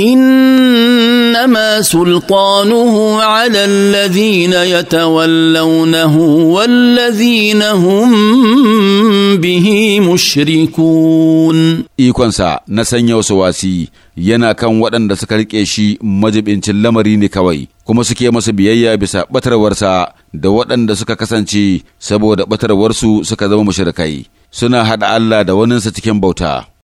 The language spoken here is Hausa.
انما سلطانه على الذين يتولونه والذين هم به mushrikun ikonsa na sanya wasu wasi yana kan waɗanda suka riƙe shi majibincin lamari ne kawai kuma suke masa biyayya bisa ɓatarwarsa da waɗanda suka kasance saboda ɓatarwarsu suka zama mushirikai, suna haɗa Allah da waninsa cikin bauta